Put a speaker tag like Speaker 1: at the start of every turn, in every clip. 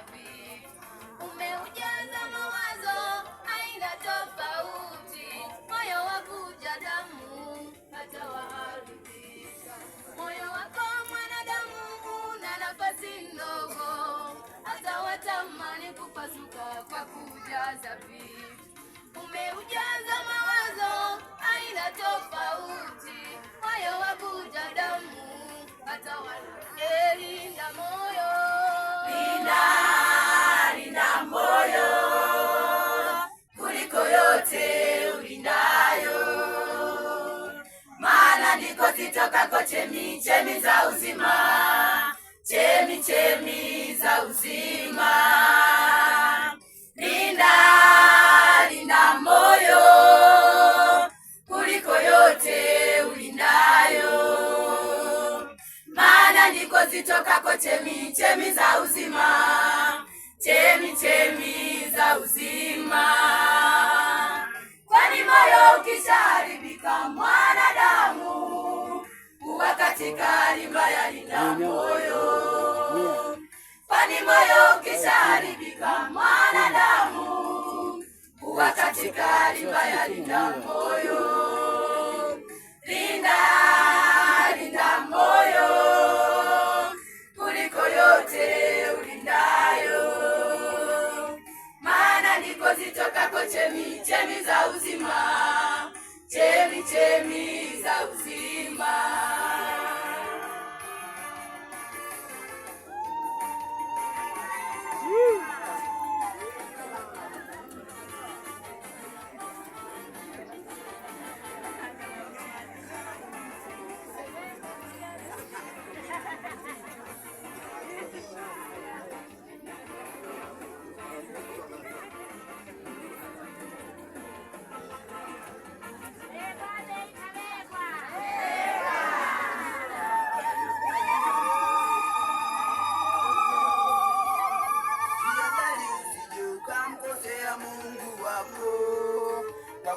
Speaker 1: usafi, umeujaza mawazo aina tofauti, moyo wavuja damu hata waharibika. Moyo wako mwanadamu una nafasi ndogo, hata watamani kupasuka kwa kujaza pia
Speaker 2: chemi za uzima, chemi chemi za uzima, linda linda moyo kuliko yote ulindayo, maana ndiko zitokako chemi chemi za uzima, chemi chemi za uzima Serikali mbaya ina moyo, kwani moyo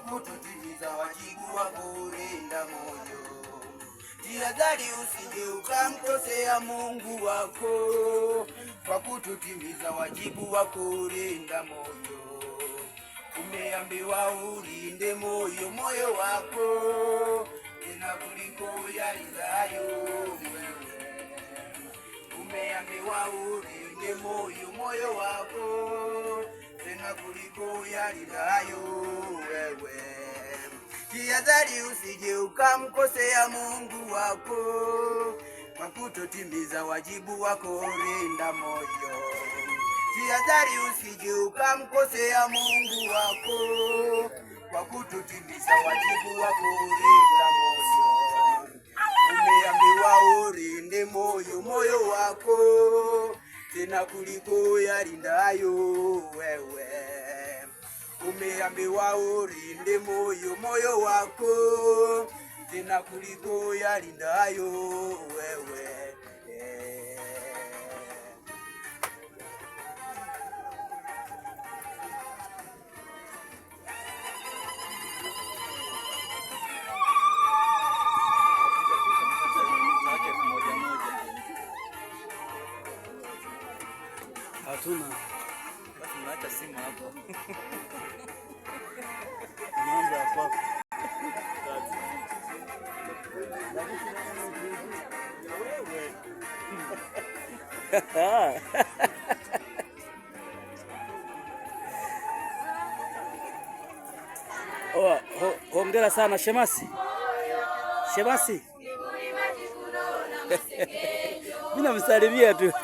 Speaker 3: kututimiza wajibu wa kulinda moyo. Jihadhari usije ukamkosea Mungu wako kwa kututimiza wajibu wa kulinda moyo. Umeambiwa ulinde moyo, moyo wako tena kuliko uyalindayo wewe. Umeambiwa ulinde moyo, moyo wako kuliko yalidayo wewe. Kiadhari usije ukamkosea Mungu wako kwa kutotimiza wajibu wako, rinda moyo. Kiadhari usije ukamkosea Mungu wako kwa kutotimiza wajibu wako, rinda moyo. Umeambiwa urinde moyo, moyo wako tena kuliko yarindayo wewe. Umeambiwa ulinde moyo moyo wako tena kuliko yarindayo wewe. Hatuna. Basi mnaacha
Speaker 4: simu hapo. Mambo ya kwako. Oa, hongera sana Shemasi. Shemasi. Mimi namsalimia tu.